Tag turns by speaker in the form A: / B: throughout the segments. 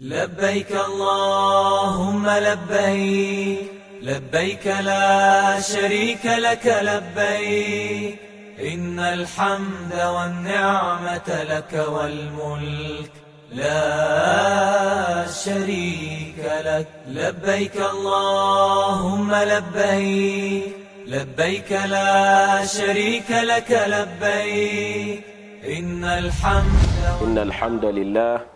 A: لبيك اللهم لبيك لبيك لا شريك لك لبيك إن الحمد والنعمة لك والملك لا شريك لك لبيك اللهم لبيك لبيك لا شريك لك لبيك إن الحمد
B: إن الحمد لله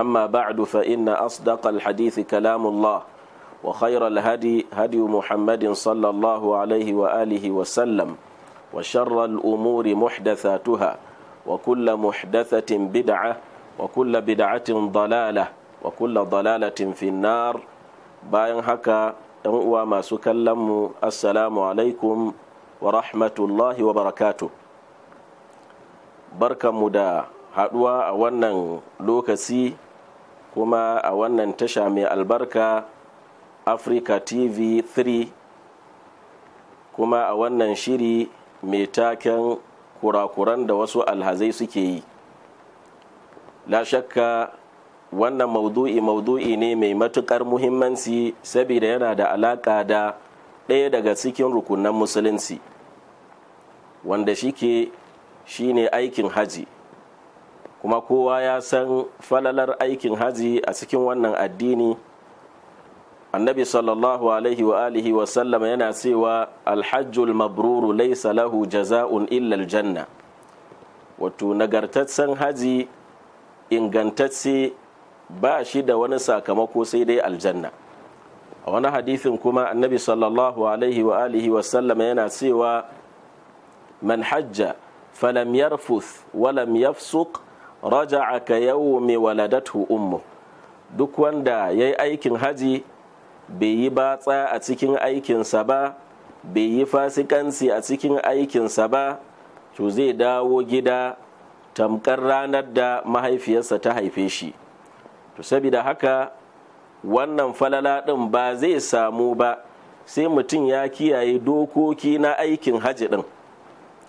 B: أما بعد فإن أصدق الحديث كلام الله وخير الهدي هدي محمد صلى الله عليه وآله وسلم وشر الأمور محدثاتها وكل محدثة بدعة وكل بدعة ضلالة وكل ضلالة في النار باين هكا uwa masu kallon mu assalamu alaikum wa rahmatullahi wa barakatu barkanmu da haɗuwa a wannan lokaci kuma a wannan tasha mai albarka africa tv 3 kuma a wannan shiri mai taken kurakuran da wasu alhazai suke yi la shakka wannan maudu'i maudu'i ne mai matukar muhimmanci saboda yana da alaka da ɗaya daga cikin rukunan musulunci wanda shike shine aikin haji kuma kowa ya san falalar aikin haji a cikin wannan addini annabi sallallahu alaihi wa alihi wa sallama yana cewa alhajjul mabruru laisa lahu jaza'un illa aljanna wato nagartaccen haji ingantacce ba shi da wani sakamako sai dai aljanna a wani hadithin kuma annabi sallallahu alaihi wa alihi wa sallama yana cewa man hajja falam yarfuth walam yafsuq raja raja'a ka mai waladatu ummu duk wanda ya yi aikin haji bai yi batsa a cikin aikinsa ba bai yi fasikanci a cikin aikinsa ba to zai dawo gida tamkar ranar da mahaifiyarsa ta haife shi to saboda haka wannan falala ɗin ba zai samu ba sai mutum ya kiyaye dokoki na aikin haji ɗin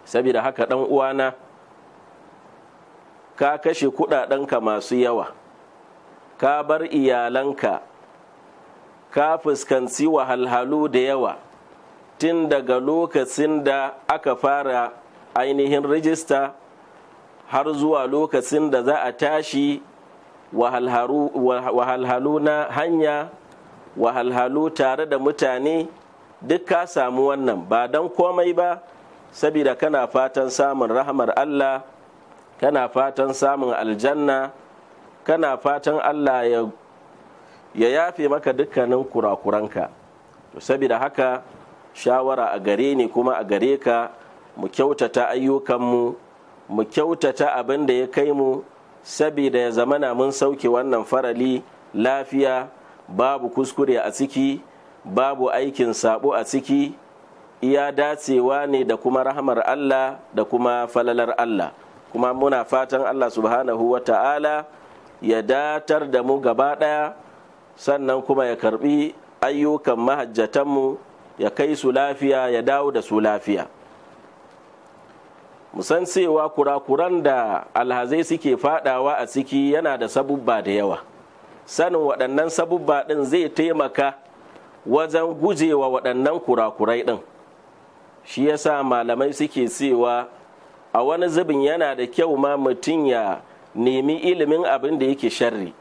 B: saboda haka ɗan uwana ka kashe kuɗaɗenka masu yawa ka bar iyalanka ka fuskanci wahalhalu da yawa tun daga lokacin da aka fara ainihin rijista har zuwa lokacin da za a tashi wahalhalu na hanya wahalhalu tare da mutane duk ka samu wannan ba don komai ba sabida kana fatan samun rahamar Allah kana fatan samun aljanna kana fatan allah ya ya yafe maka dukkanin kurakuranka to saboda haka shawara a gare ni kuma a gare ka mu kyautata ayyukanmu mu kyautata abin da ya kai mu saboda ya zamana mun sauke wannan farali lafiya babu kuskure a ciki babu aikin sabo a ciki iya dacewa ne da kuma rahamar allah da kuma falalar allah kuma muna fatan Allah subhanahu wa ta'ala ya datar da mu gaba ɗaya sannan kuma ya karbi ayyukan mahajjatanmu ya kai su lafiya ya dawo da su lafiya musan cewa kurakuran da alhazai suke fadawa a ciki yana da sabubba da yawa sanin waɗannan sabubba ɗin zai taimaka wajen gujewa waɗannan kurakurai ɗin shi yasa malamai suke cewa a wani zubin yana da kyau ma mutum ya nemi ilimin abin da yake sharri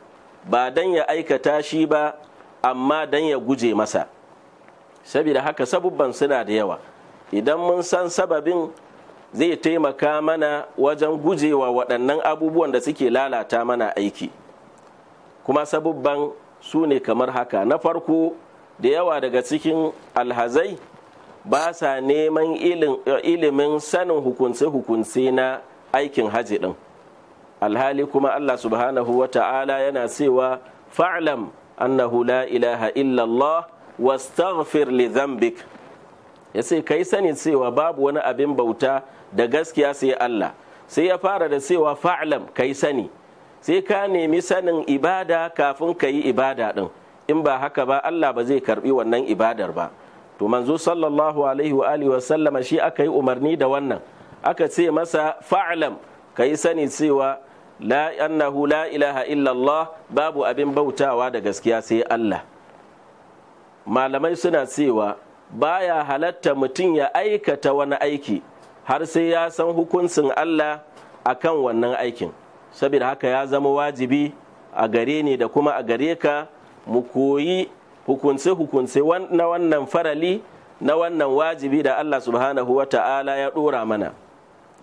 B: ba don ya aikata shi ba amma don ya guje masa saboda haka sabubban suna da yawa idan mun san sababin zai taimaka mana wajen gujewa waɗannan abubuwan da suke lalata mana aiki kuma sabubban su ne kamar haka na farko da yawa daga cikin alhazai ba sa neman ilimin sanin hukunce-hukunce na aikin hajji ɗin alhali kuma allah subhanahu wa ta'ala yana cewa fa'lam annahu la ilaha illallah wastaghfir li zambik ya ce kai sani cewa babu wani abin bauta da gaskiya sai allah sai ya fara da cewa fa'lam kai sani sai ka nemi sanin ibada kafin ka yi ibada ɗin in ba haka ba allah ba zai karbi wannan ibadar ba to manzo sallallahu alaihi wa alihi wa sallama shi aka yi umarni da wannan aka ce masa fa'lam ka yi sani cewa la annahu la ilaha illallah babu abin bautawa da gaskiya sai Allah malamai suna cewa baya halatta mutum ya aikata wani aiki har sai ya san hukuncin Allah akan wannan aikin saboda haka ya zama wajibi a gare ni da kuma a gare ka mu koyi hukunce-hukunce na wannan farali na wannan wajibi da Allah subhanahu wa ta'ala ya ɗora mana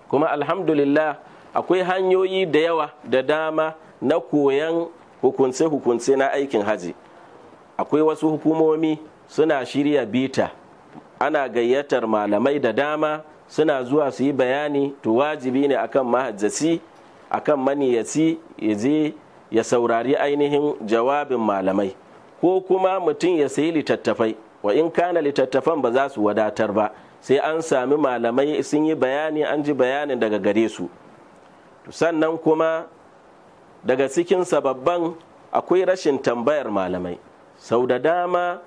B: kuma alhamdulillah akwai hanyoyi da yawa da dama na koyan hukunce-hukunce na aikin haji akwai wasu hukumomi suna shirya bita ana gayyatar malamai da dama suna zuwa su yi bayani to wajibi ne akan mahajjasi akan maniyaci ya je ya saurari ainihin jawabin malamai ko kuma mutum ya sayi littattafai wa in kana littattafan ba za su wadatar ba sai an sami malamai sun yi bayani an ji bayanin daga gare su sannan kuma daga cikin sababban akwai rashin tambayar malamai sau da dama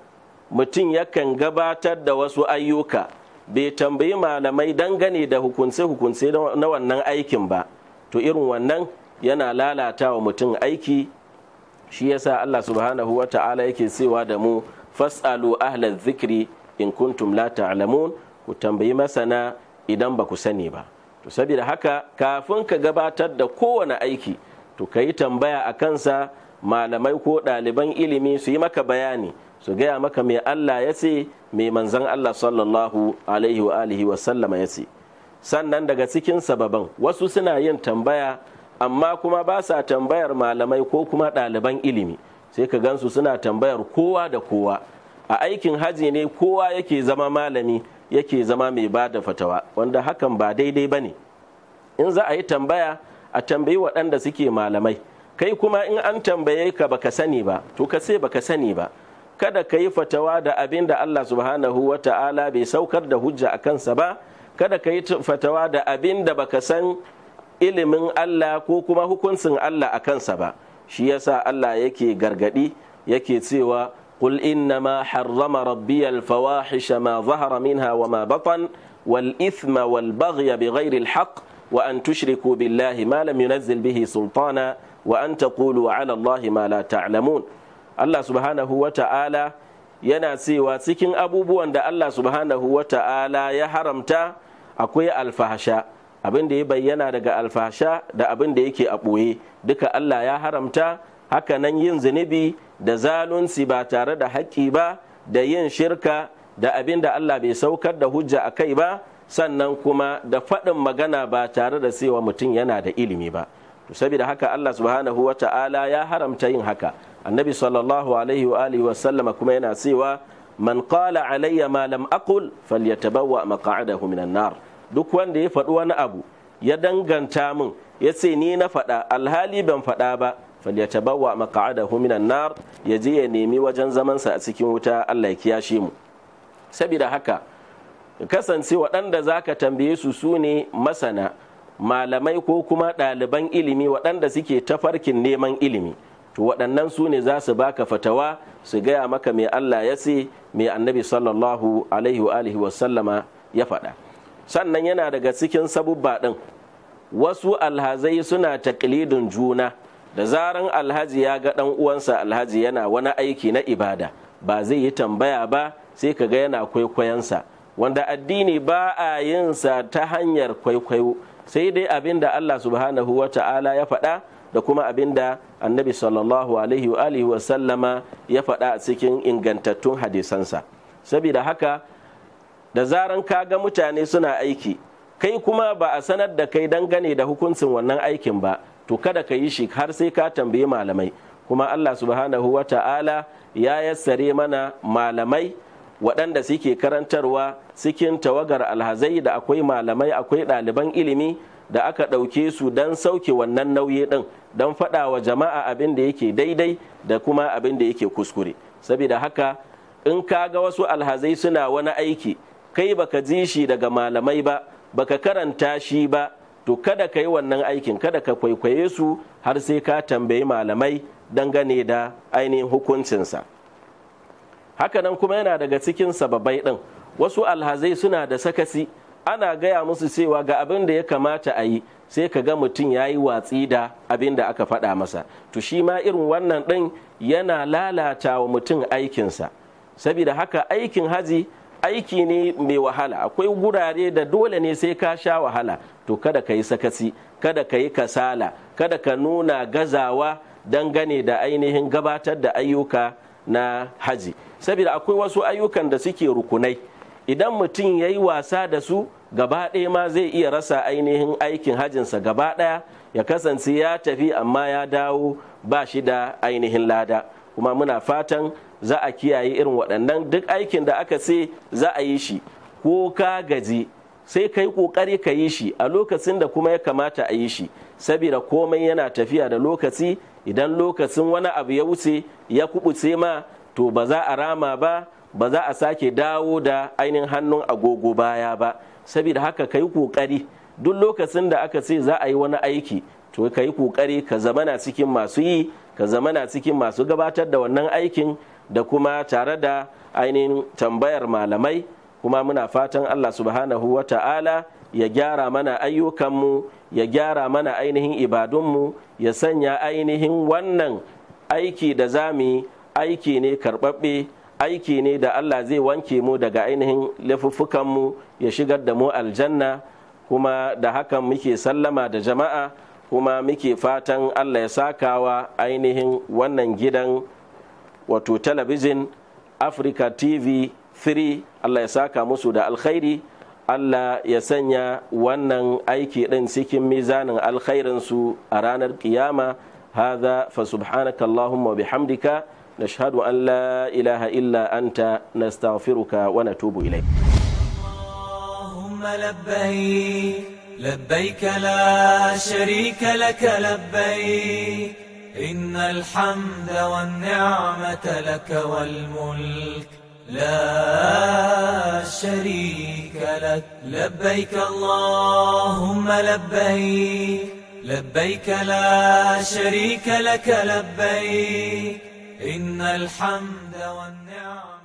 B: mutum yakan gabatar da wasu ayyuka bai tambayi malamai dangane da hukunce-hukunce na wannan aikin ba to irin wannan yana lalata wa mutum aiki shi yasa Allah subhanahu wa ta'ala yake cewa da mu fas'alu ahlal zikri in kuntum la ta'lamun ku tambayi masana idan ba ku sani ba to saboda haka kafin ka gabatar da kowane aiki to ka tambaya a kansa malamai ko ɗaliban ilimi su yi maka bayani su gaya maka mai Allah ya ce mai manzan Allah sallallahu alaihi wa alihi wa sallama ya ce sannan daga cikin sababan wasu suna yin tambaya amma kuma ba sa tambayar malamai ko kuma ɗaliban ilimi sai ka gansu suna tambayar kowa da kowa a aikin haji ne kowa yake zama malami yake zama mai ba da fatawa wanda hakan ba daidai ba ne in za a yi tambaya a tambayi waɗanda suke malamai kai kuma in an tambaye ka baka sani ba to ka sai baka sani ba kada ka yi fatawa da abin da Allah subhanahu wa ta'ala bai saukar da hujja a kansa ba kada ka yi fatawa da abin da ba ka san ilimin Allah ko kuma hukuncin Allah a kansa ba shi yasa Allah yake gargadi yake cewa قل إنما حرم ربي الفواحش ما ظهر منها وما بطن والإثم والبغي بغير الحق وأن تشركوا بالله ما لم ينزل به سلطانا وأن تقولوا على الله ما لا تعلمون الله سبحانه وتعالى yana cewa cikin abubuwan da Allah subhanahu wa ta'ala ya haramta akwai alfahasha abin da ya bayyana daga alfasha da abin da yake a ɓoye duka Allah ya haramta hakanan yin zunubi da zalunci ba tare da haƙƙi ba da yin shirka da abin da Allah bai saukar da hujja a kai ba sannan kuma da faɗin magana ba tare da cewa mutum yana da ilimi ba to saboda haka Allah subhanahu wa ta'ala ya haramta yin haka annabi sallallahu alaihi wa alihi wa sallama kuma yana cewa man qala alayya ma lam aqul falyatabawwa maq'adahu minan nar duk wanda ya faɗi wani abu ya danganta min ya ce ni na faɗa alhali ban faɗa ba falyatabawa maq'adahu minan nar ya je ya nemi wajen zamansa a cikin wuta Allah ya kiyashe mu saboda haka kasance waɗanda zaka tambaye su su ne masana malamai ko kuma ɗaliban ilimi waɗanda suke tafarkin neman ilimi to waɗannan su ne za su baka fatawa su gaya maka mai Allah ya ce mai annabi sallallahu alaihi wa alihi ya faɗa sannan yana daga cikin sabubba ɗin wasu alhazai suna taklidin juna da zaran alhaji ya ga ɗan uwansa alhaji yana wani aiki na ibada ba zai yi tambaya ba sai ka ga yana kwaikwayonsa wanda addini ba a yin sa ta hanyar kwaikwayo sai dai abin da Allah subhanahu wa ta'ala ya faɗa da kuma abin da annabi sallallahu alaihi wa sallama ya faɗa a cikin ingantattun hadisansa saboda haka da zaran ka ga mutane suna aiki kai kuma ba a sanar da kai dangane da hukuncin wannan aikin ba to kada ka yi shi har sai ka tambayi malamai kuma Allah subhanahu wa ta'ala ya yassare mana malamai waɗanda suke karantarwa cikin tawagar alhazai da akwai malamai akwai ɗaliban ilimi da aka ɗauke su don sauke wannan nauyi ɗin don faɗa wa jama'a abin da yake daidai da kuma abin da yake kuskure saboda haka in ka ga wasu alhazai suna wani aiki kai baka ji shi daga malamai ba baka karanta shi ba to kada ka yi wannan aikin kada ka kwaikwaye su har sai ka tambayi malamai dangane da ainihin hukuncinsa hakanan kuma yana daga cikin sababai ɗin wasu alhazai suna da sakasi ana gaya musu cewa ga abin da ya kamata a yi sai ka ga mutum ya yi watsi da abin da aka faɗa masa to shi ma irin wannan ɗin yana lalata wa mutum aikinsa saboda haka aikin haji aiki ne mai wahala akwai gurare da dole ne sai ka sha wahala to kada ka yi sakasi kada ka yi kasala kada ka nuna gazawa don gane da ainihin gabatar da ayyuka na haji saboda akwai wasu ayyukan da suke rukunai idan mutum ya yi wasa da su gaba ɗaya ma zai iya rasa ainihin aikin hajinsa gaba ɗaya ya kasance ya tafi amma ya dawo ba shi da ainihin lada kuma muna fatan za a kiyaye irin waɗannan duk aikin da aka ce za a yi shi ko ka gaji sai ka yi ƙoƙari ka yi shi a lokacin da kuma ya kamata a yi shi saboda komai yana tafiya da lokaci idan lokacin wani abu ya wuce ya kubuce ma to ba za a rama ba ba za a sake dawo da ainihin hannun agogo baya ba saboda haka ka yi ƙoƙari duk lokacin da aka ce za a yi wani aiki to ka yi ƙoƙari ka zamana cikin masu yi ka zamana cikin masu gabatar da wannan aikin da kuma tare da ainihin tambayar malamai kuma muna fatan Allah subhanahu wa ta'ala ya gyara mana ayyukanmu ya gyara mana ainihin ibadunmu ya sanya ainihin wannan aiki da zami aiki ne karɓaɓɓe aiki ne da Allah zai wanke mu daga ainihin laifuffukanmu ya shigar da mu aljanna kuma da hakan muke sallama da jama'a kuma muke fatan Allah ya sakawa ainihin wannan gidan wato talabijin africa tv 3 allah ya saka musu da alkhairi allah ya sanya wannan aiki ɗin cikin mizanin alkhairinsu a ranar kiyama هذا فسبحانك اللهم وبحمدك نشهد أن لا إله إلا أنت نستغفرك ونتوب إليك
A: اللهم لبيك لبيك لا شريك لك لبيك إن الحمد والنعمة لك والملك لا شريك لك لبيك اللهم لبيك لبيك لا شريك لك لبيك إن الحمد والنعمة